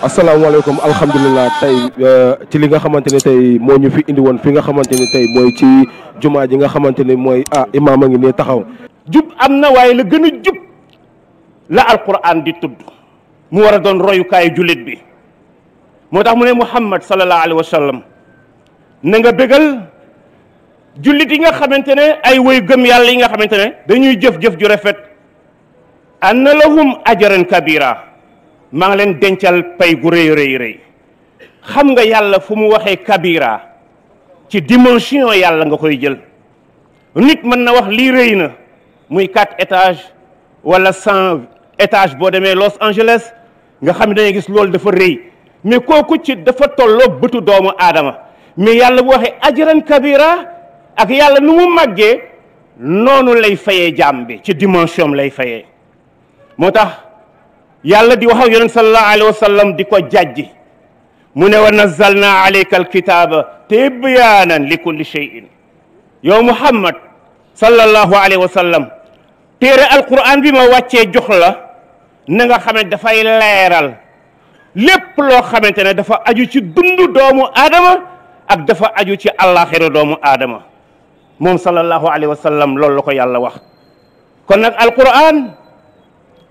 asalaamaaleykum alhamdulilah tey euh, ci li nga xamante ne tey moo ñu fi indi woon fi nga xamante ne tey mooy ci jumaa ji nga xamante ne mooy ah imaam a ngi ne taxaw. jub am na waaye la gën a jub la alquran di tudd mu war a doon royukaayu jullit bi moo tax mu ne Muhammad sallallahu alayhi wa sallam na nga bégal jullit yi nga xamante ne ay woy gëm yàlla yi nga xamante ne dañuy jëf-jëf ju rafet anna lahum ajran kabira maa ngi leen dencal pay gu rëy rëy rëy xam nga yàlla fu mu waxee kabira ci dimension yàlla nga koy jël nit mën na wax lii rëy na muy quatre étage wala cent étage boo demee Los Angeles nga xam ne dangay gis loolu dafa rëy mais kooku ci dafa tolloo bëtu doomu aadama mais yàlla bu waxee ajaran kabira ak yàlla nu mu màggee noonu lay fayee jaam bi ci dimension lay fayee moo tax yàlla di wax ak yonent sallallahu wa sallam di ko jàjji mu ne wa nazzalna alayka alkitaaba tibyaanan li kulli shay'in yow muhammad sallallahu alayhi wa sallam téere alquran bi ma wàccee jox la na nga xam dafay leeral lépp loo xamante ne dafa aju ci dundu doomu aadama ak dafa aju ci àllaaxira doomu aadama moom sallallahu alayhi wa sallam loolu la ko yàlla wax kon nag alquran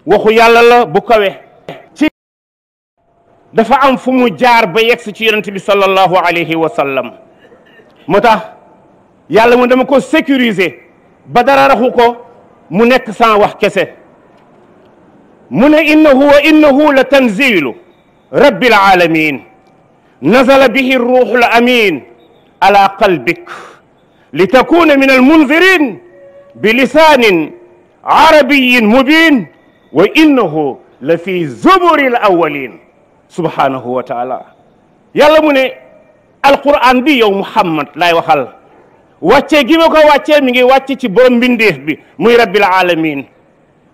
waxu yàlla la bu kawe ci dafa am fu mu jaar ba yegg ci yonent bi sallallahu alayhi wa sallam moo tax yàlla mu dama ko sécuriser ba dara raxu ko mu nekk sans wax kese mu ne innahu wa innahu la tanzilu rabbil alamin nazala bihi ruuxu l amin ala qalbik li takuna min almunzirin bi lisanin arabiyin mubin wa innahu la fi zuburil awwalin subhanahu wa taala yàlla mu ne alquran bi mu muhammad lay waxal wàcce gi ko wàccee mi ngi wàcce ci borom mbindeef bi muy rabbil alamin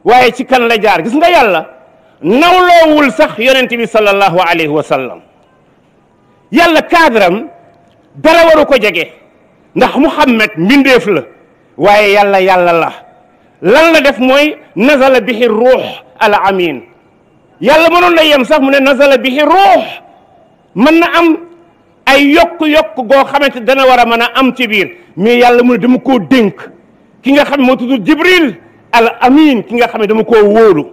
waaye ci kan la jaar gis nga yàlla nawloowul sax yonent bi sallallahu alayhi wa sallam yàlla kaadaram dara waru ko jege ndax muhammad mbindeef la waaye yàlla yàlla la lan la def mooy nazala bi ruux ala amin yàlla noon na yem sax mu ne nazala bi ruux mën na am ay yokk-yokk goo xamante dana war a mën a am ci biir mais yàlla mu ne dama koo dénk ki nga xam moo tudd jibril al amin ki nga xam ne dama koo wóolu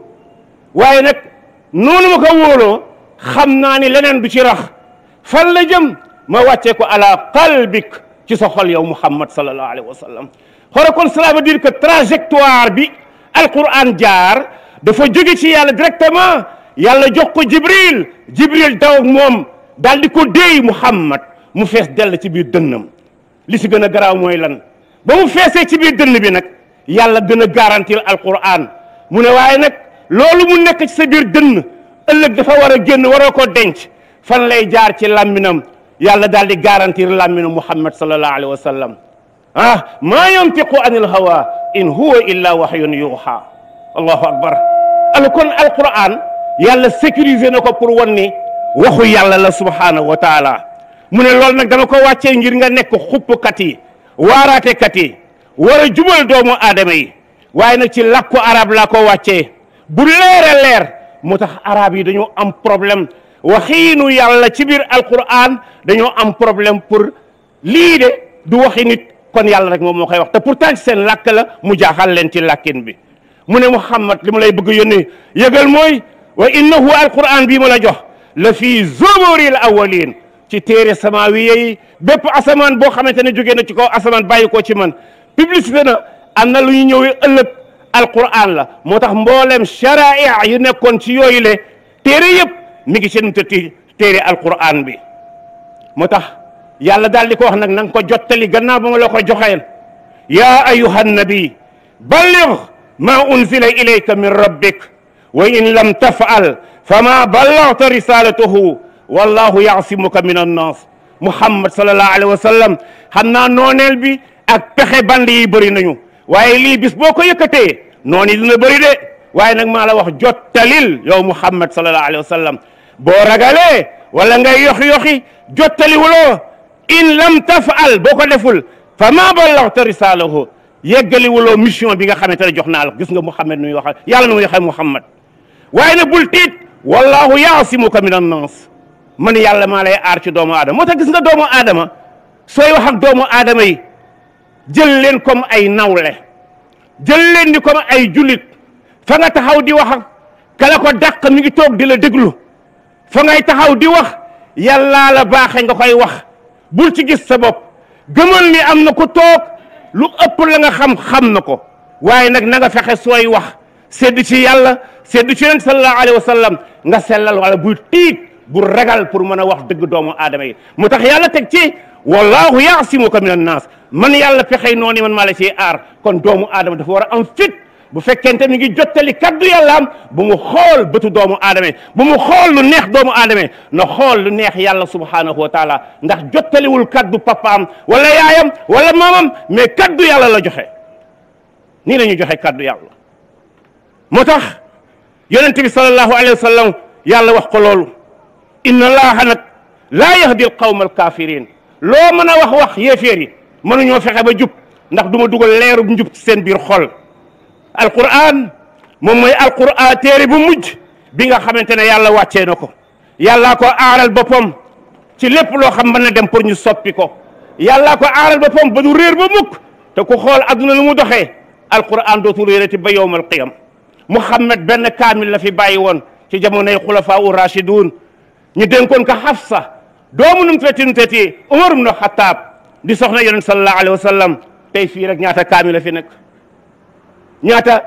waaye nag noonu ma ko xam naa ni leneen du ci rax fan la jëm ma wàccee ko ala qalbik ci sa xol mu muhammad sallallahu alayhi wa sallam xoolal kon cela veut dire que trajectoire bi alquran jaar dafa jóge ci yàlla directement yàlla jox ko jibril jibril daw moom daal di ko déey muhammad mu fees dell ci biir dënnam li si gën a garaaw mooy lan ba mu feesee ci biir dënn bi nag yàlla gën a garantir alquran mu ne waaye nag loolu mu nekk ci sa biir dënn ëllëg dafa war a génn war ko denc fan lay jaar ci làmminam yàlla daal di garantir làmminam muhammad sallallahu alayhi wa sallam ah maa yantiqu anil hawa in huwa illa wahyun yuha allahu akbar al kon alquran yàlla sécuriser na ko pour wan ni waxu yàlla la subhanahu wa taala mu ne loolu nag dama ko wàccee ngir nga nekk xuppkat yi waaraatekat yi war a jubal doomu aadama yi waaye nag ci làkku arab laa ko wàccee bu leer leer moo tax arab yi dañoo am problème waxiinu yàlla ci biir alquran dañoo am problème pour lii de du waxi nit kon yàlla rek moom moo koy wax te pourtant ci seen làkk la mu jaaxal leen ci làkkin bi mu ne Muhammad li mu lay bëgg yónni yëgal mooy wa innahu alquran bii ma la jox la fii zuburil awwalin ci téere samaawiya yi bépp asamaan boo xamante ne jógee na ci kaw asamaan bàyyi ko ci man publicité na am na lu ñu ñëwee ëllëg alquran la moo tax mboolem shara'i yu nekkoon ci yooyu le téere yëpp mi ngi seen tëtti téere alquran bi moo yàlla daal di ko wax nag na nga ko jottali gannaaw ba ma la ko joxeel yaa ayuha nabi balligh ma unzila ilayka min rabbik wa in lam tafal fa ma ballagta risalatahu wallahu yaasimuka min annas muhammad sallallahu alayhi wa sallam xam naa nooneel bi ak pexe band yi bëri nañu waaye lii bis boo ko yëkkatee noonu dina bëri de waaye nag maa la wax jottalil yow muhammad sallallahu alayhi wa sallam boo ragalee wala ngay yoxi yoxi jottali wuloo in lam tafal boo ko deful fa ma ballaxta risalahu yeggaliwuloo mission bi nga xamante ne jox naa la gis nga Muhammad nu muy wax yàlla nu muy waxee Muhammad waaye nag bul tiit wallahu yaasimuka min annas man yàlla maa lay aar ci doomu aadama moo tax gis nga doomu aadama sooy wax ak doomu aadama yi jël leen comme ay nawle jël leen ni comme ay jullit fa nga taxaw di wax ak kala ko dàq mi ngi toog di la déglu fa ngay taxaw di wax yàllaa la baaxe nga koy wax bu ci gis sa bopp gëmal ni am na ko toog lu ëpp la nga xam xam na ko waaye nag na nga fexe sooy wax sedd ci yàlla sedd ci yonent sallallahu alayhi wa sallam nga sellal wala buy tiit bu ragal pour mën a wax dëgg doomu aadama yi mu tax yàlla teg ci wallahu yaasimuka min an naas man yàlla fexey noonu man maa la ciy aar kon doomu aadama dafa war a am fit bu fekkente mi ngi jottali kaddu yàllaam bu mu xool bëtu doomu aadama bu mu xool lu neex doomu aadama na xool lu neex yàlla subhaanahu wa taala ndax jottaliwul kaddu papaam wala yaayam wala maamam mais kaddu yàlla la joxe nii la ñu joxe kaddu yàlla moo tax yonent bi sallallahu alayhi wa sallam yàlla wax ko loolu inna allaha nag laa yahdi al qawma alkaafirin loo mën a wax wax yéeféer yi mënuñoo fexe ba jub ndax du ma dugal leerub njub ci seen biir xol alquran moom mooy alquran téere bu mujj bi nga xamante ne yàlla wàccee na ko yàllaa ko aaral boppam ci lépp loo xam mën na dem pour ñu soppi ko yàllaa ko aaral boppam ba du réer ba mukk te ku xool adduna lu mu doxee alquran dootul ti ba yowmal qiyam muhammad benn kaamil la fi bàyyi woon ci jamonoy xulafa u rachidun ñu dénkoon ko Hafsa doomu num feti nu teti Umar ibn Xattaab di soxna yonent sallallahu alayhi wa sallam tey fii rek ñaata kaamil la fi nekk ñaata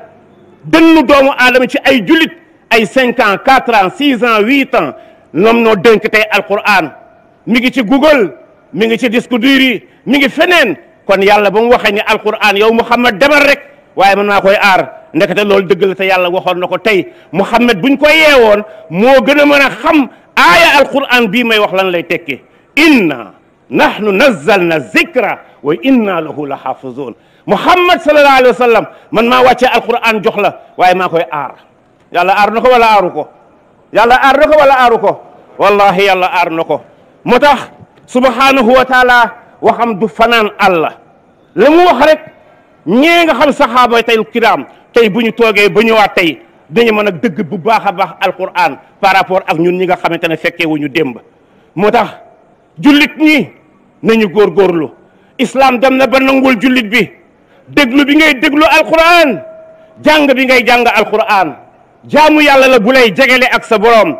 dënnu doomu aadama ci ay jullit ay cinq ans quatre ans six ans huit ans noo dénk tey alquran mi ngi ci google mi ngi ci disque dur yi mi ngi feneen kon yàlla ba mu waxee ni alquran yow muhammad demal rek waaye mën naa koy aar ndekete loolu dëgg la te yàlla waxoon na ko tey muhammad buñ ko yeewoon moo gën a mën a xam aaya alquran bii may wax lan lay tekki inna nahnu nazzalna zikra wa inna lahu la xaafizun muhammad sallallahu alayhi wa sallam man maa wàccee alquran jox la waaye maa koy aar yàlla aar na ko wala aaru ko yàlla aar na ko wala aaru ko wallahi yàlla aar na ko moo tax subhanahu wa taala waxam du fanaan àlla la mu wax rek ñee nga xam saxaaba tey kiraam tey bu ñu toogee ba ñëwaat tey dañu mën a dëgg bu baax a baax alquran par rapport ak ñun ñi nga xamante ne fekkee wu ñu démb moo tax jullit ñi nañu góorgóorlu islam dem na ba nangul jullit bi déglu bi ngay déglu alquran jàng bi ngay jàng alquran jaamu yàlla la bu lay jegele ak sa boroom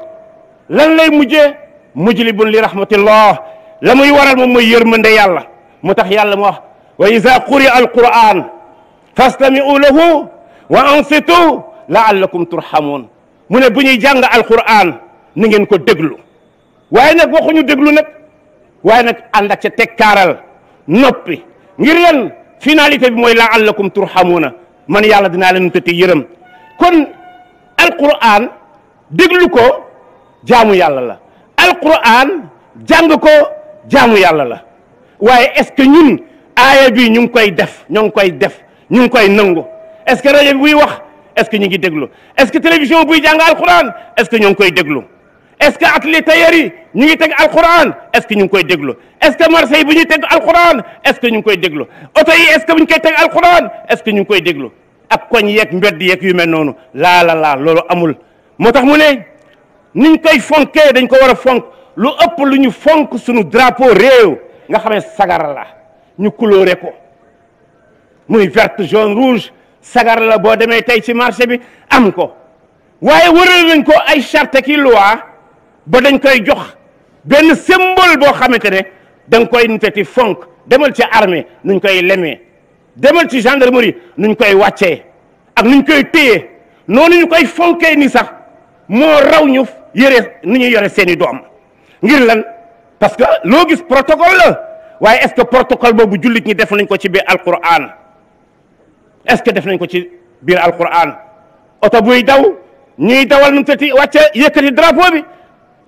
lan lay mujje mujlibun li rahmatillah la muy waral moom mooy yërmande yàlla mu tax yàlla mu wax wa iza quri alquran fastami'u lahu wa ansitu la'allakum turhamun mu ne bu ñuy jàng alquran ni ngeen ko déglu waaye nag waxuñu déglu nag waaye nag ànd ak ca tekkaaral noppi ngir lan naa finalité bi mooy laallakum turhamuuna man yàlla dinaa leen tëtte yërëm kon alquran déglu ko jaamu yàlla la alquran jàng ko jaamu yàlla la waaye est-ce que ñun aaya bi ñu ngi koy def ñoo ngi koy def ñu ngi koy nangu est-ce que bi buy wax est-ce que ñu ngi déglu est-ce que télévision buy jàng alquran es ce que ñoo ngi koy déglu est-ce que atelier tailleur yi ñu ngi teg alquran est-ce que ñu ngi koy déglu est-ce que marché yi bu ñuy teg alquran est koy déglu oto yi est-ce que bu ñu koy teg ngi koy déglu ak koñ yeeg mbedd yeek yu mel noonu laa la laa loolu amul moo tax mu ne niñ koy fonkee dañ ko war a fonk lu ëpp lu ñu fonk suñu drapeau réew nga xamee sagara la ñu coloré ko muy verte jaune rouge sagara la boo demee tey ci marché bi am ko waaye wëral nañ ko ay charte ki loi ba dañ koy jox benn symbole boo xamante ne da nga koy nitati fonk demal ci armée nuñ koy lemee demal ci gendarmerie nuñ koy wàccee ak nuñ koy téyee noonu ñu koy fonkee nii sax moo raw ñu yore ni ñu yore seeni doom ngir lan parce que loo gis protocole la waaye est-ce que protocole boobu jullit ñi def nañ ko ci biir alquran est-ce que def nañ ko ci biir alquran oto buy daw ñuy dawal nu mu tati wàcce yëkkati drapeau bi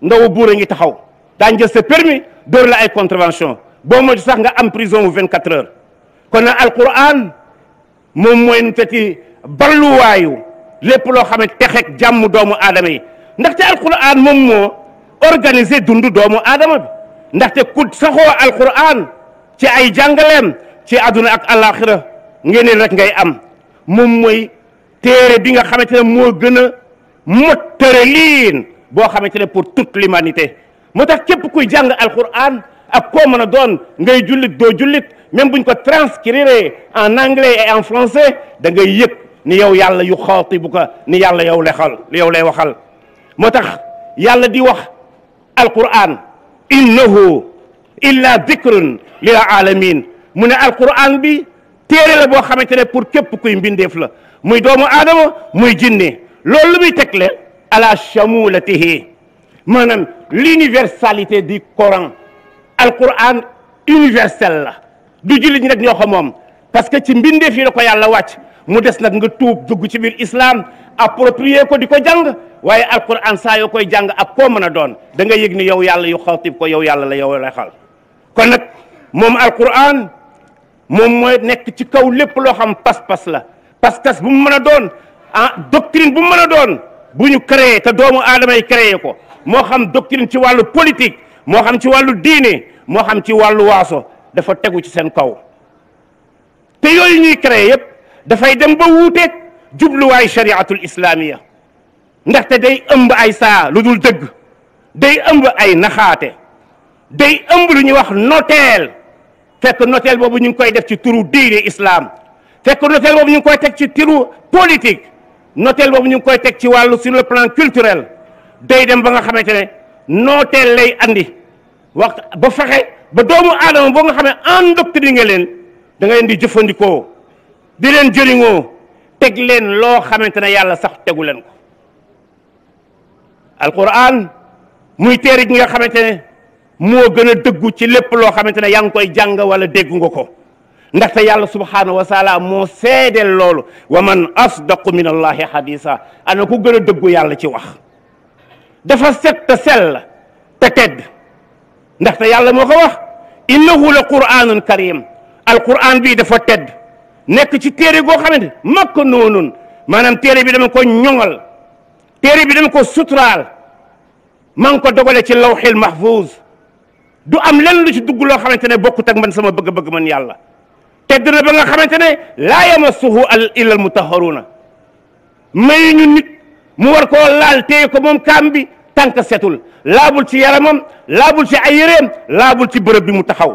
ndaw buur a ngi taxaw daañu jël sa permi dóor la ay contravention boo moytu sax nga am prison vingt 24 heures kon nag alquran moom mooy nu fekki balluwaayu lépp loo xam ne jàmm doomu aadama yi ndaxte alquran moom moo organiser dund doomu aadama bi ndaxte ku saxoo alquran ci ay jàngaleem ci àdduna ak alaxira ngeen rek ngay am moom mooy téere bi nga xamante ne moo gën a mottare liin boo xamante ne pour toute l'humanité moo tax képp kuy jàng al alquran ak koo mën a doon ngay jullit doo jullit même buñ ko transcrire en anglais et en français da ngay yëg ni yow yàlla yu xawti bu ko yàlla yow lay xal yow lay waxal moo tax yàlla di wax alquran innahu illa dikrun lil alamin mu ne alquran bi téere la boo xamante ne pour képp kuy mbindeef la muy doomu aadama muy jinne loolu lu muy tegle ala chamulatihi maanaam l'universalité du Coran alquran universel la du jullit ñi nag ñoo ko moom parce que ci mbindee yi la ko yàlla wàcc mu des nag nga tuub dugg ci biir islam approprier ko di ko jàng waaye alquran saa yoo koy jàng ak koo mën a doon da nga yëg ni yow yàlla yu xawtib ko yow yàlla la yow la xal kon nag moom alquran moom mooy nekk ci kaw lépp loo xam pas-pas la pas-pas bu mu mën a doon ah doctrine bu mu mën a doon bu ñu créé te doomu aadama yi ko moo xam doctrine ci wàllu politique moo xam ci wàllu diine moo xam ci wàllu waaso dafa tegu ci seen kaw te yooyu ñuy créé yëpp dafay dem ba wuuteeg jubluwaay shari'atul islamiya ndaxte day ëmb ay saa lu dul dëgg day ëmb ay naxaate day ëmb lu ñuy wax noteel fekk noteel boobu ñu ngi koy def ci turu diine islam fekk noteel boobu ñu ngi koy teg ci turu politique. nooteel boobu ñu ngi koy teg ci wàllu sur le plan culturel day dem ba nga xamante ne nooteel lay andi wax ba fexe ba doomu aadama boo nga xam ne endoctriné nga leen da leen di jëfandikoo di leen jëriñoo teg leen loo xamante ne yàlla sax tegu leen ko alquran muy téere gi nga xamante ne moo gën a dëggu ci lépp loo xamante ne yaa ngi koy jàng wala dégg nga ko ndaxte yàlla subhaanahu wa taala moo seedeel loolu wa man asdaqu min allahi hadisa ana ku gën a dëggu yàlla ci wax dafa set te sell te tedd ndaxte yàlla moo ko wax innahu la quraanun karim alquran bii dafa tedd nekk ci téere goo xamante makk noonun maanaam téere bi dama ko ñoŋal téere bi dama ko suturaal ma ngi ko dogale ci lawxil mahfuz du am lenn lu ci dugg loo xamante ne bokkut ak man sama bëgg-bëgg man yàlla tedd na ba nga xamante ne laa yamassuhu illa al mutahharuuna mayu ñu nit mu war koo laal téye ko moom kaam bi tànk setul laabul ci yaramam laabul ci ay yéreem laabul ci bërëb bi mu taxaw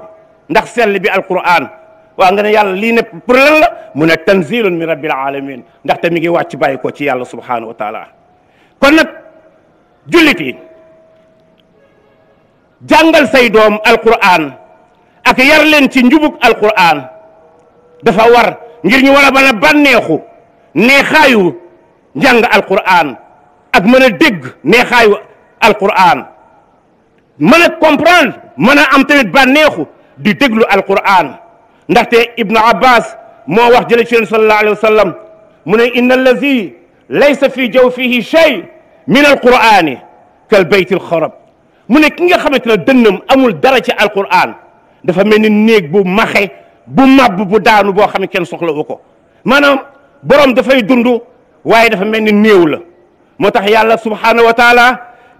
ndax sell bi alquran waaw nga ne yàlla lii ne pour lan la mu ne tanzilun min rabbil mi ngi wàcc bàyyi ko ci yàlla subhanahu wa taala kon nag jullit yi jàngal say doom alquran ak yar leen ci njubug alquran dafa war ngir ñu war a bànneexu neexaayu njàng alquran ak mën a dégg neexaayu alquran mën a comprendre mën a am tamit bànneexu di déglu alquran ndaxte ibnu abbas moo wax jële ci leen sallallahu alayhi wa mu ne inna allazi laysa fi jawfihi shay min alqurani kal bayt alxarab mu ne ki nga xamante ne dënnam amul dara ci alquran dafa mel ni néeg bu maxe bu màbb bu daanu boo xam ne kenn soxla wu ko maanaam borom dafay dund waaye dafa mel ni néew la moo tax yàlla subhaanahu wa taala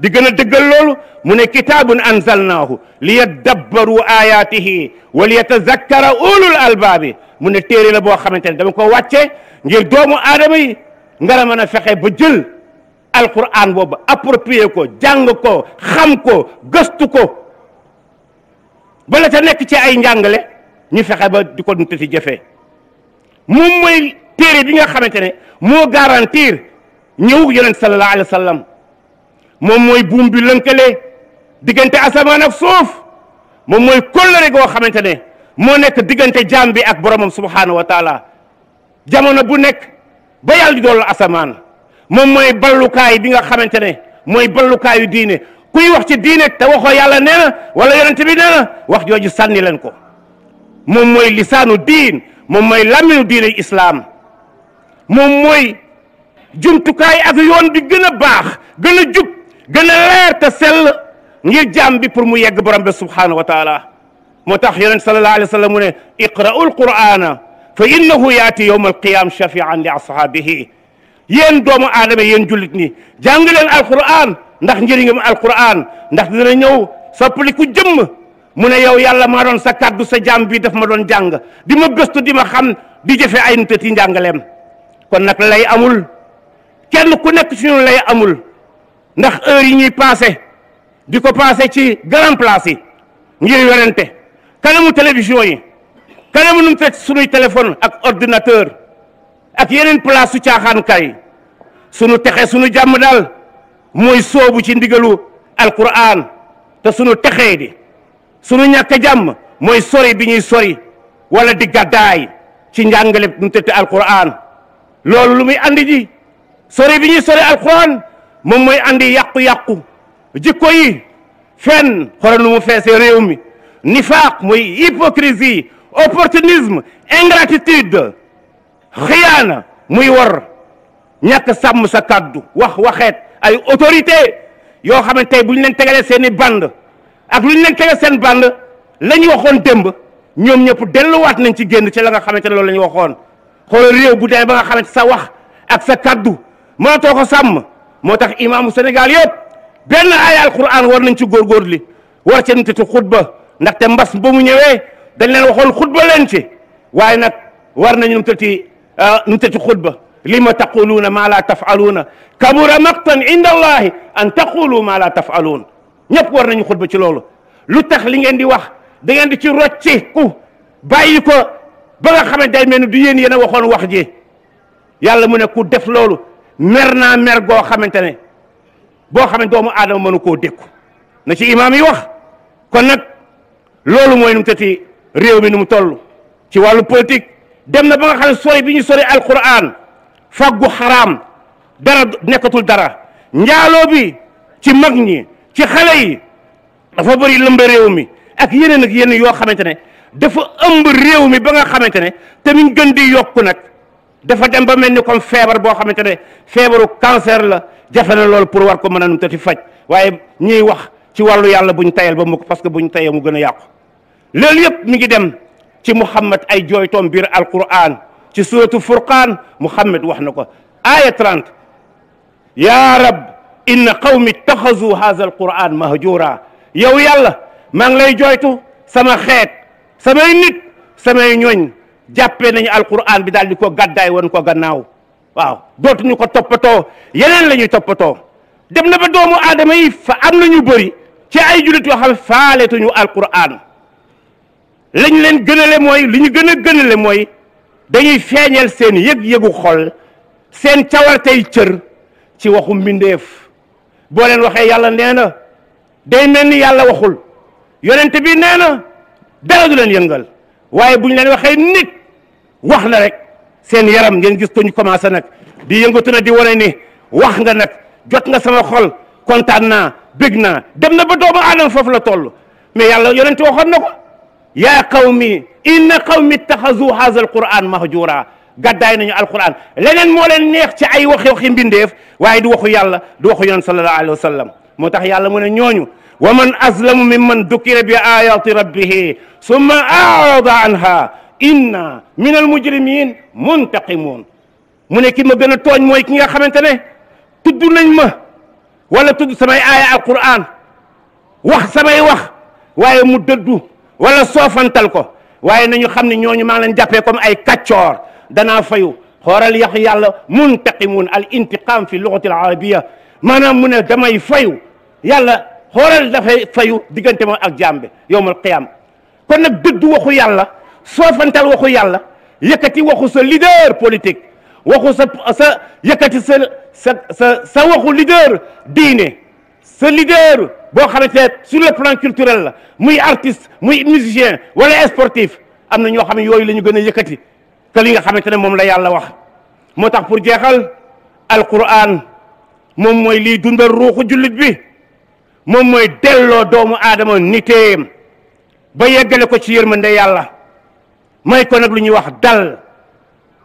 di gën a dëggal loolu mu ne kitaabun anzalnaahu li yaddabbaru ayaatihi wa li yatazakkara ulul albaabi mu ne téere la boo xamante ne dama ko wàcce ngir doomu aadama yi ngara mën a fexe ba jël alquran boobu approprier ko jàng ko xam ko gëstu ko ba la ca nekk ci ay njàngale ñu fexe ba di ko dunte si jëfee moom mooy téere bi nga xamante ne moo garantir ñëw yonent sallallahu alayhi sallam moom mooy buum bi lënkale diggante asamaan ak suuf moom mooy kóllëre goo xamante ne moo nekk diggante jaam bi ak boromam subhaanahu wa taala jamono bu nekk ba yàlla di doolu asamaan moom mooy ballukaay bi nga xamante ne mooy ballukaayu diine kuy wax ci diine te waxoo yàlla nee na wala yonent bi nee na wax jooju sànni leen ko moom mooy lisaanu diin moom mooy làmmiñu diine islaam moom mooy jumtukaay ak yoon di gën a baax gën a jub gën a leer te sell ngir jaam bi pour mu yegg borom bi subhaanahu wa taala moo tax yonent sallallahu alayhi wa sallam mu ne iqra'u alqur'ana fa innahu yaati yawma alqiyam shafian li ashaabihi yéen doomu aadama yéen jullit ni jàng leen alqur'an ndax njëriñam alqur'an ndax dina ñëw soppali ku jëmm mu ne yow yàlla maa doon sa kàddu sa jaam bi dafa ma doon jàng di ma gëstu di ma xam di jëfe ay nutati njàngaleem kon nag lay amul kenn ku nekk ci lay amul ndax heure yi ñuy passé di ko passé ci grand place yi ngir werante kanamu télévision yi kanamu nu mu sunuy téléphone ak ordinateur ak yeneen place su caaxaan kay sunu texe suñu jàmm daal mooy soobu ci ndigalu alquran te sunu texee di sunu ñàkk jàmm mooy sori bi ñuy sori walla di gàddaay ci njàngale nu tëdd alquran loolu lu muy andi ji sori bi ñuy sori alquran moom mooy andi yàqu-yàqu jikko yi fenn xoolal nu mu feesee réew mi nifaaq mooy hypocrisie opportunisme ingratitude xiyaana muy war ñàkk sàmm sa kàddu wax waxeet ay autorité yoo xam ne tey bu ñu leen tegalee seen i band ak lu ñu leen tere seen la ñu waxoon démb ñoom ñëpp delluwaat nañ ci génn ci la nga xamante ne loolu la waxoon xoolal réew bu dee ba nga xamante sa wax ak sa kaddu mënatoo ko sàmm moo tax imaamu Sénégal yëpp benn aaya alquran war nañ ci góorgóorlu li war ci ntitu xutba ndaxte mbas ba mu ñëwee dañ leen waxoon xutba leen ci waaye nag war nañu nu tëti nu tëti xutba lima taquluuna maa laa tafaluuna kabura maqtan inda allahi an taqulu maa laa tafaluun ñépp war nañu xutba ci loolu lu tax li ngeen di wax da ngeen di ci rocciku bàyyi ko ba nga xamante day mel ni du yéen yéen a waxoon wax ji yàlla mu ne ku def loolu mer na mer goo xamante ne boo xam ne doomu mënu koo dékku na ci imaam yi wax kon nag loolu mooy nu mu tëti réew mi nu mu toll ci wàllu politique dem na ba nga xam ne sori bi ñu sori alquran faggu xaraam dara nekkatul dara njaaloo bi ci mag ñi ci xale yi dafa bëri lëmba réew mi ak yeneen ak yenn yoo xamante ne dafa ëmb réew mi ba nga xamante ne te mi ngi gën di yokku nag dafa dem ba mel ni comme feebar boo xamante ne feebaru cancer la jafe na loolu pour war ko mën a nu ti faj waaye ñiy wax ci wàllu yàlla buñ tayal ba mukk parce que ñu tayee mu gën a yàqu loolu yëpp mi ngi dem ci mu muhammad ay jooytoom biir alquran ci suratu furqaan muhammad wax na ko aya 30 ya rab inna qawmi ittaxazu haza alquran mahjura yow yàlla maa ngi lay jooytu sama xeet samay nit samay ñooñ jàppee nañu alquran bi daal di ko gàddaay woon ko gannaaw waaw dootuñu ko toppatoo yeneen lañuy toppatoo dem na ba doomu aadama yi fa am nañu ñu bëri ci ay jullit yoo xam faaletuñu alquran lañ leen gënale mooy li ñu gën a gënale mooy dañuy feeñal seen yëg-yëgu xol seen cawartey cër ci waxu mbindeef boo leen waxee yàlla nee na day mel ni yàlla waxul yonent bi nee na dara du leen yëngal waaye bu ñu leen waxee nit wax na rek seen yaram ngeen gis ko ñu commencé nag di yëngatu na di wane ni wax nga nag jot nga sama xol kontaan naa bég naa dem na ba doomu aadama foofu la toll mais yàlla yonent waxoon na ko yaa qawmi inna qawmi ittaxazu haza alquran mahjura gàddaay nañu alquran leneen moo leen neex ci ay wax waxi mbindeef waaye du wax yàlla du waxu yoon sallallahu alayhi wa sallam moo tax yàlla mu ne ñooñu wa man azlamu mimman dukkira bi ayati rabbihi summa arada anha inna min almujrimin muntaqimun mu ne ki ma gën a tooñ mooy ki nga xamante ne tudd nañ ma wala tudd samay aaya alquran wax samay wax waaye mu dëddu wala soofantal ko waaye nañu xam ne ñooñu maa ngi leen comme ay kàccoor danaa fayu xooral yax yàlla muntaqimun al intiqam fi lugati al arabia maanaam mu damay fayu yàlla xooral dafay fayu diggante moom ak jàmbe yowmal qiyaama kon nag dëddu waxu yàlla soofantal waxu yàlla yëkkati waxu sa leader politique waxu sa sa yëkkati sa sa sa sa waxu leader diine sa leader boo xamante ne sur le plan culturel la muy artiste muy musicien wala sportif am na ñoo xam ne yooyu la ñu gën a yëkkati que li nga xamante ne moom la yàlla wax moo tax pour jeexal alquran moom mooy liy dundal ruuxu jullit bi moom mooy delloo doomu aadama niteem ba yeggale ko ci yërmande yàlla may ko nag lu ñuy wax dal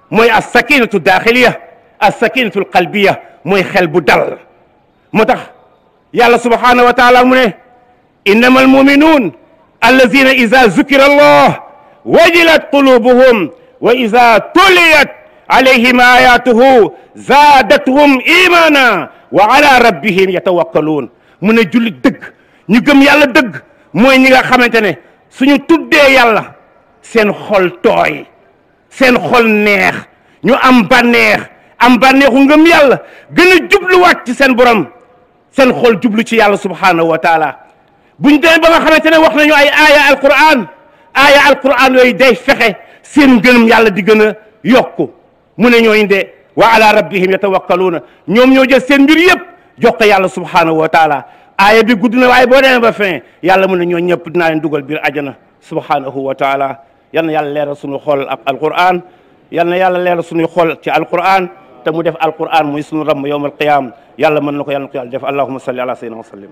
mooy as sakinatu daaxiliya as mooy xel bu dal moo tax yàlla subhaanahu wa taala mu ne innama almuminuun allazina ida zukira allah wajilat qulubuhum wa ida tuliyat alayhim ayatuhu zaadathum imana wa ala rabbihim yatawakkaluun mu ne jullit dëgg ñu gëm yàlla dëgg mooy ñi nga xamante ne suñu tuddee yàlla seen xol tooy seen xol neex ñu am bànneex am bànneexu ngëm yàlla gën a jubluwaat seen borom seen xol jublu ci yàlla subhaanahu wa taala buñ demee ba nga xamante ne wax nañu ay aaya alquran aaya alquran yooyu day fexe seen gënum yàlla di gën a yokku mu ne ñooñu de wa ala rabbihim yatawakkaluuna ñoom ñoo jël seen mbir yëpp jox yàlla subhaanahu wa taala aaya bi gudd na waaye boo demee ba fin yàlla mu ne ñoo ñëpp dinaa leen dugal biir ajana subhaanahu wa taala yal na yàlla leer suñu xol ak alquran yal na yàlla leeral suñu xol ci alquran te mu def alquran muy suñu ramm yowm alqiyama yàlla mën na ko yàlla na ko yàlla def allahuma salli ala sayyidina wa sallim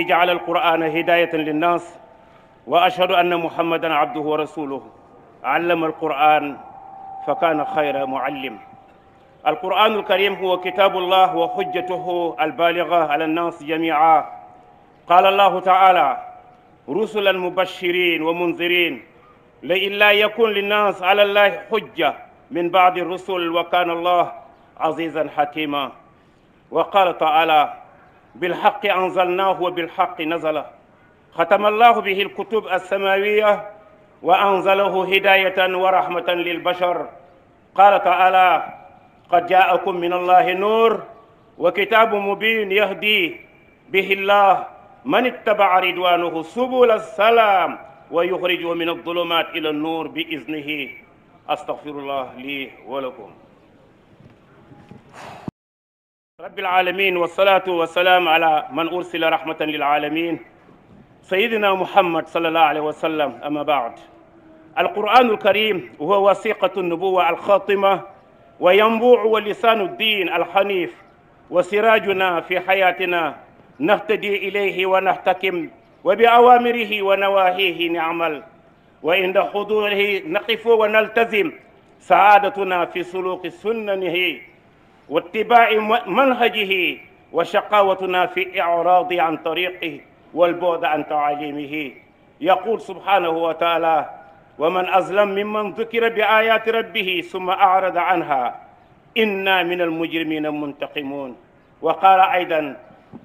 الذي جعل القرآن هداية للناس وأشهد أن محمدا عبده ورسوله علم القرآن فكان خير معلم القرآن الكريم هو كتاب الله وحجته البالغة على الناس جميعا قال الله تعالى رسلا مبشرين ومنذرين لئلا يكون للناس على الله حجة من بعد الرسل وكان الله عزيزا حكيما وقال تعالى بالحق أنزلناه وبالحق نزل ختم الله به الكتب السماوية وأنزله هداية ورحمة للبشر قال تعالى قد جاءكم من الله نور وكتاب مبين يهدي به الله من اتبع رضوانه سبل السلام ويخرجه من الظلمات إلى النور بإذنه أستغفر الله لي ولكم rabbil alamin wasalaatu wasalaam ala man ursila rahmatan lil alamin sayidina muhammad salallahu alayhi wa sallam amma baad alquranu alkarim huwa wasiqatu nubuwa alxatima wa yanbuu wa lisanu ddin alxanif wa sirajuna fi xayatina nahtadi ilayhi wa nahtakim wa bi awamirihi wa nawahihi niamal wa inda xudurihi naqifu wa naltazim saadatuna fi suluqi sunnanihi واتباع منهجه وشقاوتنا في إعراض عن طريقه والبعد عن تعاليمه يقول سبحانه وتعالى ومن أظلم ممن ذكر بآيات ربه ثم أعرض عنها إنا من المجرمين منتقمون وقال أيضا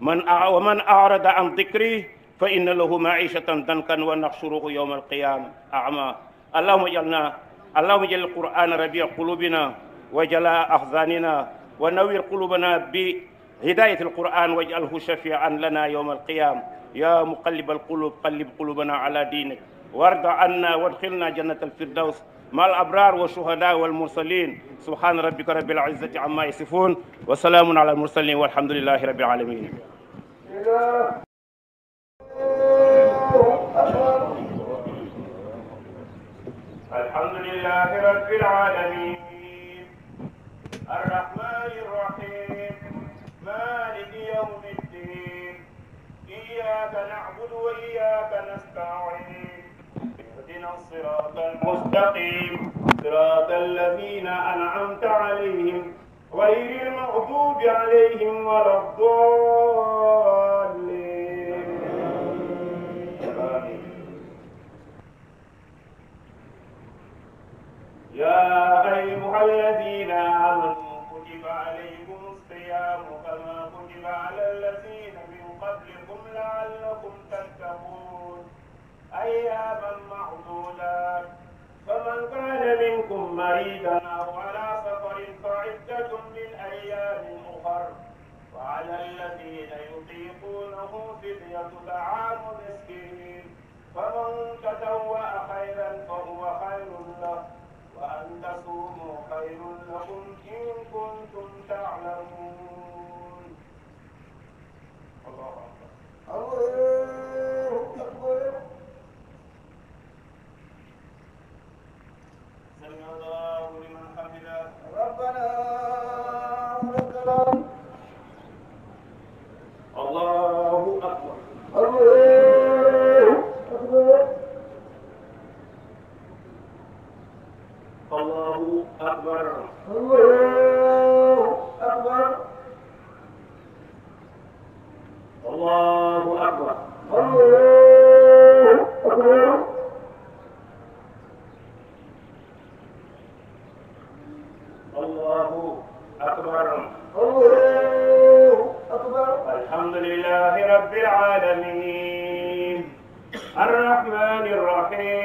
من ومن أعرض عن ذكري فإن له معيشة ضنكا ونحشره يوم القيامة أعمى اللهم اجعلنا اللهم اجعل القرآن ربيع قلوبنا وجلاء أحزاننا ونور قلوبنا بهداية القرآن واجعله شفيعا لنا يوم القيامة يا مقلب القلوب قلب قلوبنا على دينك وارض عنا وادخلنا جنة الفردوس مع الأبرار والشهداء والمرسلين سبحان ربك رب العزة عما يصفون وسلام على المرسلين والحمد لله رب العالمين الحمد لله رب العالمين الرحمن يوم الدين إياك نعبد وإياك نستعين اهدنا الصراط المستقيم صراط الذين أنعمت عليهم غير المغضوب عليهم ولا الضالين يا أيها الذين آمنوا كتب عليهم الصيام كما كتب على الذين من قبلكم لعلكم تتقون أياما معدودات فمن كان منكم مريضا أو على سفر فعدة من أيام أخر وعلى الذين يطيقونه فدية طعام مسكين فمن تتوأ خيرا فهو خير له وأن تصوموا خير لكم إن كنتم تعلمون الله أكبر الله أكبر سمع الله لمن حمده ربنا ربنا الله أكبر الله الله أكبر الله أكبر الله أكبر الله أكبر الله أكبر الله أكبر الحمد لله رب العالمين الرحمن الرحيم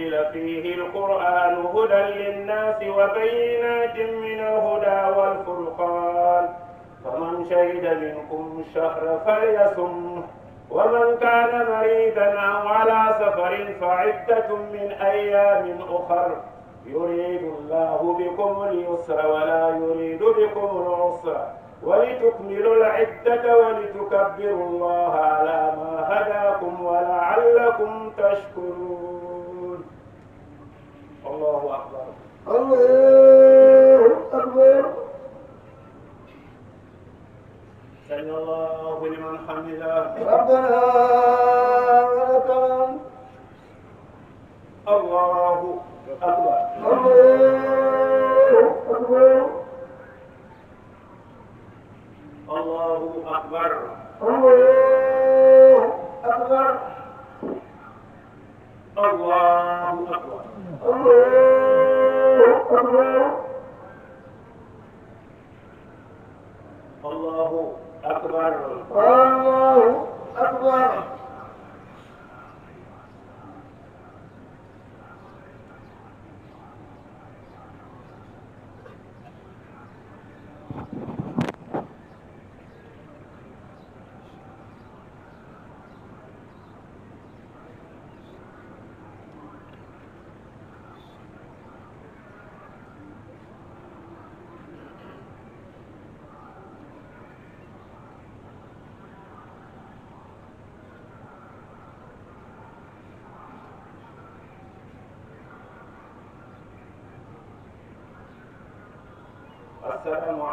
أنزل فيه القرآن هدى للناس وبينات من الهدى والفرقان فمن شهد منكم الشهر فليصمه ومن كان مريضا أو على سفر فعدة من أيام أخر يريد الله بكم اليسر ولا يريد بكم العسر ولتكملوا العدة ولتكبروا الله على ما هداكم ولعلكم تشكرون allahu akbar allahu akbar sami allahu liman hamidah rabbana lakal allahu akbar allahu akbar allahu akbar allahu akbar allahu akbar الله أكبر الله أكبر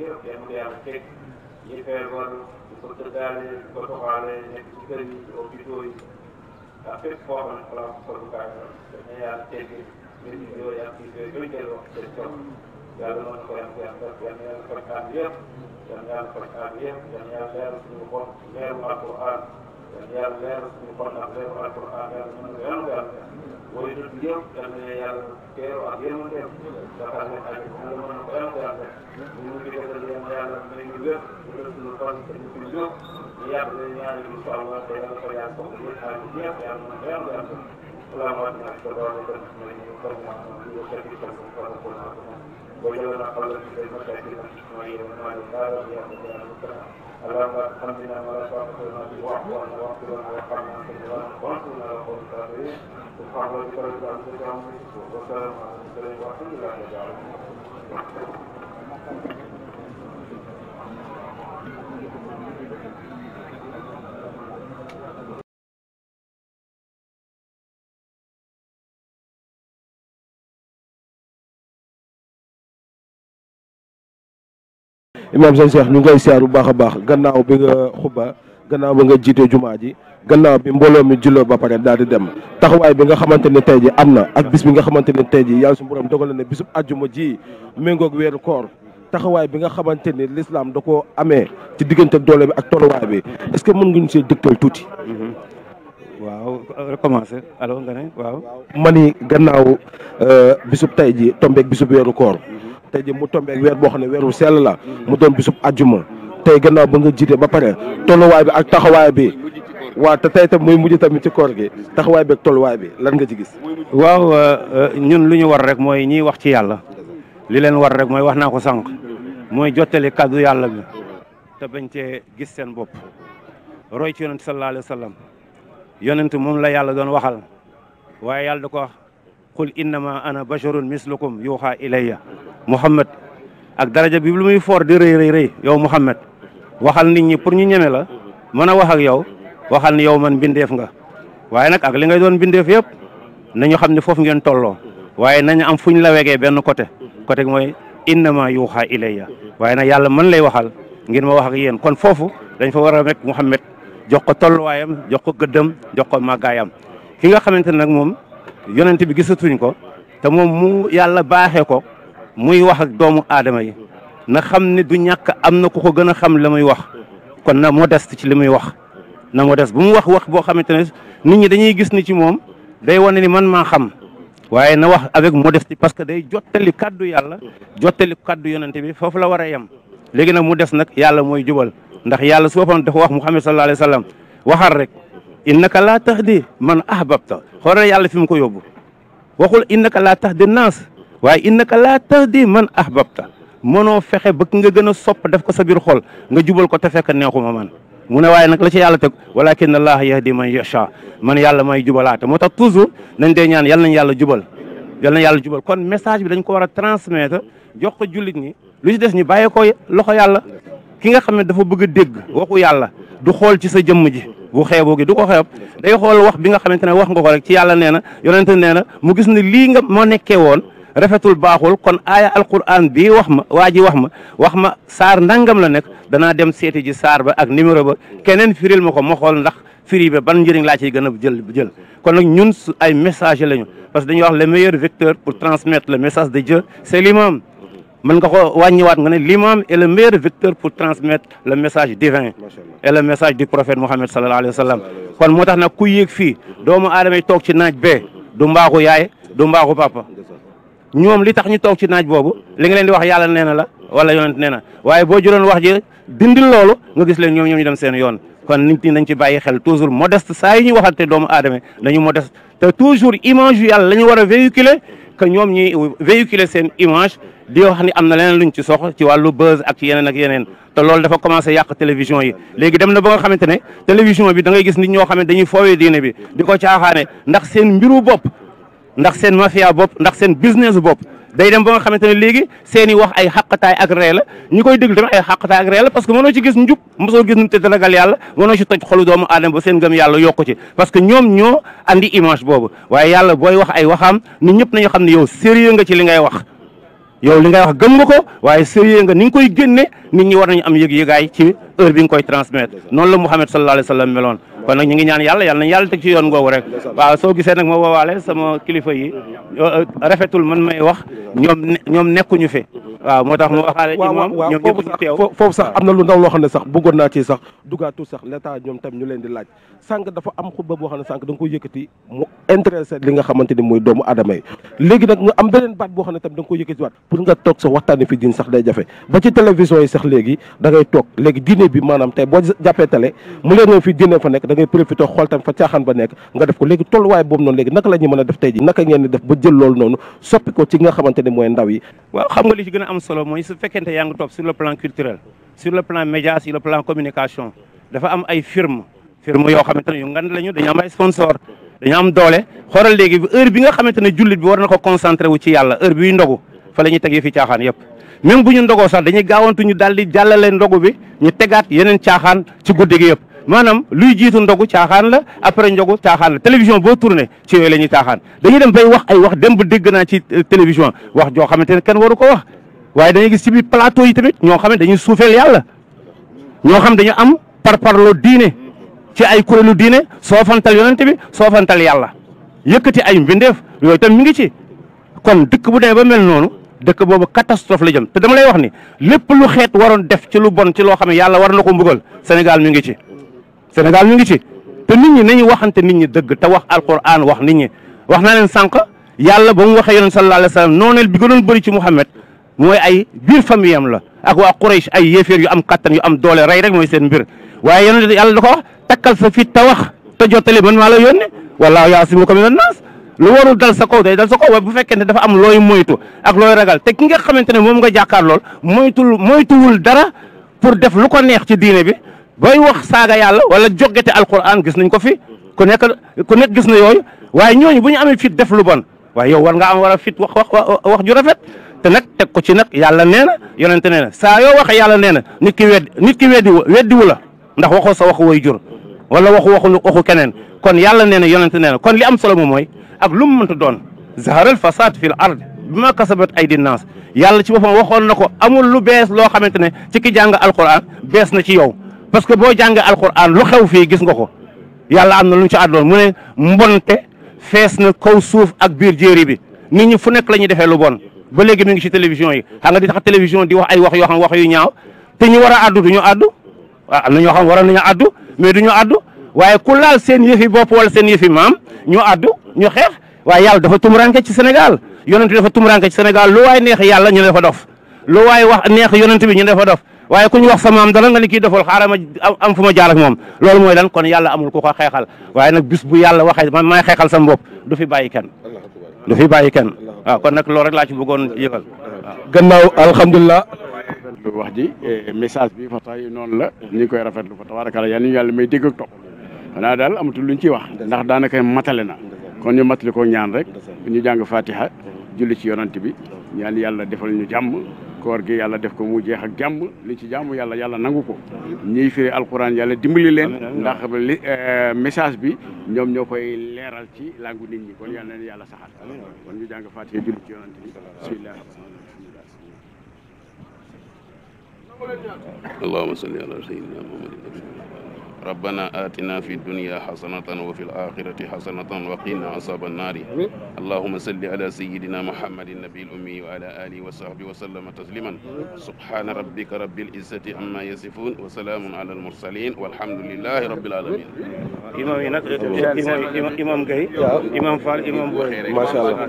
yëpp yan ko yàlla teg ñi feebar di ko tëddaale di ko toxaale nekk ci kër yi ci hôpitaux yi ndax fépp foo xam ne place bu production dañu yàlla teg mbir mi yooyu ak kii yooyu yooyu jël wax seen tool yàlla noonu ko yan ko yan ko yan yàlla faj aam yëpp yan yàlla faj aam yëpp yan yàlla leeral suñu bopp leeru alquran yàlla leeral suñu xol ak leeral alquran leeral suñu yàlla yàlla wala nit ñi yëpp yal na yàlla teeru ak yéen a dem dafa am ay mu la mën a ko yàlla yàlla ñu ngi defal yéen yàlla may ñu wér ñu def suñu xol te ñu koy wér ñu yàlla lay ñaan insha allah te yàlla ko yàlla ko ñu xaar ñu yàlla yàlla mën a yàlla yàlla salaamaaleykum wa rahmatulah wa barakatuh ñu ko ñu ko ñu ko ñu ko وجعل قولك في المساجد المسلمين ومن قال في أمرنا المكرم اللهم ارحمنا ورفعنا واعفونا واغفرنا وارحمنا وانصرنا وقوم الكافرين سبحان ربك رب العزة عما يصفون وسلام على المرسلين والحمد لله رب العالمين imaam sëñ Cheikh ñu ngi koy siyaar bu baax a baax gannaaw bi nga xubba gannaaw bi nga jiite jumaa ji gannaaw bi mbooloo mi julloo ba pare daal di dem taxawaay bi nga xamante ne tey ji am na ak bis bi nga xamante ne tey ji yàlla su borom dogal na ne bisub àjjuma ji méngoog weeru koor taxawaay bi nga xamante ni l'islam da koo amee ci diggante doole bi ak tolluwaay bi est que mën nga ñu see dëgtal tuuti. waaw recommencer alors nga ne waaw. ma ni gannaaw euh, bisu tey ji tombeeg bisub weeru koor. te jii mu tombeek weer boo xam ne weeru sell la mu doon bisub ajjuma tey gannaaw ba nga jiite ba pare tolluwaay bi ak taxawaay bi waaw te tey tam muy mujj tamit ci koor gi taxawaay bi ak tolluwaay bi lan nga ci gis. waaw euh, euh, ñun lu ñu war rek mooy ñiy wax ci yàlla li leen war rek mooy wax naa ko sànq mooy jottali kàddu yàlla bi te bañ cee gis seen bopp roy ci yonent sallallahu alayhi wa sallam yonent moom la yàlla doon waxal waaye yàlla da ko wax qul innama ana basharun mislukum yuuxa ilayya Mouhamed ak daraja bi lu muy foor di rëy rëy rëy yow Mouhamed waxal nit ñi pour ñu ñeme la mën a wax ak yow waxal ni yow man bindeef nga waaye nag ak li ngay doon bindeef yëpp nañu xam ne foofu ngeen tolloo waaye nañu am fuñ la wegee benn côté côté mooy innama yuuxa ya waaye nag yàlla mën lay waxal ngir ma wax ak yéen kon foofu dañ fa war a rek Mouhamed jox ko tolluwaayam jox ko gëddam jox ko màggaayam ki nga xamante ne nag moom yonent bi gisatuñ ko moom mu yàlla baaxee ko muy wax ak doomu aadama yi na xam ne du ñàkk am na ku ko gën a xam la muy wax kon na modeste ci li muy wax na modeste bu mu wax wax boo xamante ne nit ñi dañuy gis ni ci moom day wane ni man maa xam waaye na wax avec modestie parce que day jottali kàddu yàlla jottali kàddu yonente bi foofu la war a yem léegi nag mu des nag yàlla mooy jubal ndax yàlla su dafa wax Muhammad sallallahu alayhi wa sallam waxal rek naka laa tax tahdi man ahbabta xoolal yàlla fi mu ko yóbbu waxul innaka laa tahdi waaye innaka laa tahdi man ahbabta mënoo fexe ba nga gën a sopp def ko sa biir xol nga jubal ko te fekk neexuma man mu ne waaye nag la ci yàlla teg walakin allah yahdi man yasha man yàlla may jubalaate moo tax toujours nañ dee ñaan yal nañ yàlla jubal yal nañ yàlla jubal kon message bi dañ ko war a transmettre jox ko jullit ñi lu ci des ñi bàyyi ko loxo yàlla ki nga xam ne dafa bëgg a dégg waxu yàlla du xool ci sa jëmm ji bu xeeboo gi du ko xeeb day xool wax bi nga xamante ne wax nga ko rek ci yàlla nee na yonente nee na mu gis ne lii nga moo nekkee woon rafetul baaxul kon aaya alquran bi wax ma waa ji wax ma wax ma saar ndangam la nekk danaa dem seeti ji saar ba ak numéro ba keneen firil ma ko ma xool ndax firi ba ban njëriñ laa ciy gën a jël jël kon nag ñun ay message lañu parce que dañuy wax le meilleur vecteur pour transmettre le message de Dieu c'est l'imam mën nga ko wàññiwaat nga ne l'imam est le meilleur vecteur pour transmettre la message divin et le message du prophète Mohammed sallallahu alayhi wa sallam kon moo tax nag ku yéeg fii doomu aadama yi toog ci naaj bee du yaay du mbaaxu papa ñoom li tax ñu toog ci naaj boobu li nga leen di wax yàlla nee na la wala yonent nee na waaye boo jëloon wax ji dindil loolu nga gis leen ñoom ñoom dem seen yoon kon nit ñi dañ ci bàyyi xel toujours modeste saa yi ñu waxante doomu aadama dañu modeste te toujours image yu yàlla la ñu war a véhiculer que ñoom ñuy véhiculer seen image di wax ni am na leneen luñ ci sox ci wàllu buzz ak yeneen ak yeneen te loolu dafa commencé yàq télévision yi léegi dem na boo nga xamante ne télévision bi da ngay gis nit ñoo xam ne dañuy foowee diine bi di ko caaxaane ndax seen mbiru bopp ndax seen mafia bopp ndax seen business bopp day dem ba nga xamante ne léegi seen wax ay xaqataay ak ree la ñi koy déglu tamit ay xaqataay ak ree la parce que mënoo ci gis njub mosoo gis nu te ragal yàlla mënoo ci toj xolu doomu aadama ba seen gëm yàlla yokku ci parce que ñoom ñoo andi image boobu waaye yàlla booy wax ay waxaam nit ñëpp nañu xam ne yow sérieux nga ci li ngay wax yow li ngay wax gëm nga ko waaye sérieux nga ni nga koy génne nit ñi war nañu am yëg-yëgaay ci heure bi nga noonu la Muhammad sallallahu alayhi wa sallam meloon kon nag ñu ngi ñaan yàlla yàlla nañ yàlla teg ci yoon googu rek waaw soo gisee nag ma woowaale sama kilifa yi euh, rafetul man may wax ñoom ñoom nekkuñu fi waaw moo tax mu waxaale ci sax am na lu ndaw loo xam ne sax bëggoon naa ci sax dugaatu sax l'état ñoom tam ñu leen di laaj sànq dafa am xutba boo xam ne sànq da nga koy yëkkati mu intéressé li nga xamante ni mooy doomu aadama yi léegi nag nga am beneen baat boo xam ne tam da nga koy yëkkati waat pour nga toog sax waxtaani fi diin sax day jafe ba ci télévision yi sax léegi da boo jàppee télé mu leen ngay profité xool tam fa caaxaan nga def ko léegi tolluwaay boobu noonu léegi naka la ñu a def tey ji naka ngeen def ba jël loolu noonu soppi ko ci nga xamante mooy ndaw yi waaw xam nga li ci a am solo mooy su fekkente yaa ngi sur le plan culturel sur le plan média sur le plan communication dafa am ay firme firme yoo xamante yu ngan lañu dañu am ay sponsor dañu am doole xoolal léegi heure bi nga xamante jullit bi war na ko wu ci yàlla heure bi ndogu ndogu maanaam luy jiitu ndogu caaxaan la après ndogu caaxaan la télévision boo tourné ci yooyu la ñuy caaxaan dañuy dem bay wax ay wax dem bu dégg naa ci euh, télévision wax joo xamante ne kenn waru ko wax waaye dañuy gis ci biir plateau yi tamit ñoo xam ni dañuy suufeel yàlla ñoo xam dañu am par parloo diine ci ay kuréelu diine soofantal yonent bi soofantal yàlla yëkkati ay mbindeef yooyu tam mi ngi ci kon dëkk bu demee ba mel noonu dëkk boobu catastrophe la jëm te dama lay wax ni lépp lu xeet waroon def ci lu bon ci loo xam ne yàlla war na ko mbugal Sénégal mi ngi ci Sénégal ñu ngi ci te nit ñi nañu waxante ni ñi dëgg te wax alquran wax ni ñi wax naa leen sànq yàlla ba mu waxee yonent sallallahu alayhi wa sallam nooneel bi gënoon bëri ci Muhammad mooy ay biir famille am la ak wax Quraysh ay yéeféer yu am kattan yu am doole rey rek mooy seen mbir waaye yonent yàlla da ko wax takkal sa fit te wax te jottali man maa la yónni wallaahu yaasimuka mina naas lu warul dal sa kaw day sa kaw waaye bu fekkee ne dafa am looy moytu ak looy ragal te ki nga xamante ne moom nga jàkkaar lool moytul dara pour def lu ko neex ci diine bi booy wax saaga yàlla wala joggete alquran gis nañ ko fi ku nekk ku nekk gis na yooyu waaye ñooñu bu ñu amee fit def lu bon waaye yow war nga am war fit wax wax wax ju rafet te nag teg ko ci nag yàlla nee na yonente nee na saa yow wax yàlla nee na nit ki wedd nit ki weddi weddiwu la ndax waxoo sa wax woy jur wala waxu waxu waxu keneen kon yàlla nee na yonente nee na kon li am solo moom mooy ak lu mu mënta doon zaharal fasad fil ard bi ma kasabat ay naas yàlla ci boppam waxoon na ko amul lu bees loo xamante ne ci ki jàng bees na ci yow parce que boo jàngee alxuraan lu xew fii gis nga ko yàlla am na lu ñu ci àddoon mu ne mbonte fees na kaw suuf ak biir jéeri bi nit ñi fu nekk la ñuy defee lu bon ba léegi mi ngi ci télévision yi xam nga di tax télévision di wax ay wax yoo xam wax yu ñaaw te ñu war a àddu du ñu àddu waaw ñoo xam waroon nañu àddu mais du ñu àddu waaye ku laal seen yëfi bopp wala seen yëfi maam ñu àddu ñu xeex waaye yàlla dafa tumuranke ci Sénégal yonent dafa tumuranke ci Sénégal lu waaye neex yàlla ñu ne dof waay wax neex yonent bi ñu ne dafa dof waaye ku ñu wax sa maam dara nga ne kii deful xaaral ma am fu ma jaar ak moom loolu mooy lan kon yàlla amul ku ko xeexal waaye nag bis bu yàlla waxee man maay xeexal sama bopp du fi bàyyi kenn du fi bàyyi kenn waaw kon nag loolu rek laa ci bëggoon yëgal waaw gannaaw alhamdulilah wax ji eh, message bi fa tay noonu la ñu ngi koy rafetlu fa tabaarakala yal nañu yàlla may dégg ak topp xanaa daal lu luñ ciy wax ndax daanaka matale na kon ñu matali ko ñaan rek ñu jàng fatiha julli ci yonante bi ñaan yàlla defal ñu jàmm koor gi yàlla def ko mu jeex ak jàmm li ci jàmm yàlla yàlla nangu ko ñiy firi alquran yàlla dimbali leen ndax li eh, message bi ñoom ñoo koy leeral ci langu nit ñi kon yàlla leen yàlla saxal kon ñu jàng fatiha julli ci yonante bi bismillah allahumma salli rabbana atina fi dunya xasanatan wa fi l axirati xasanatan wa qina asaba annaari allahuma salli ala sayidina muhammadin nabil ummi wa ala alihi wa sahbi wa sallama tasliman subhana rabbika rabbil izzati amma yasifun wa salaamun ala al mursalin walhamdulilahi rabbil alamin imam yi nag imam gay imam fall imam boy macha allah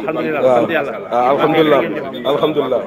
alhamdulilah sant yàlla alhamdulilah alhamdulilah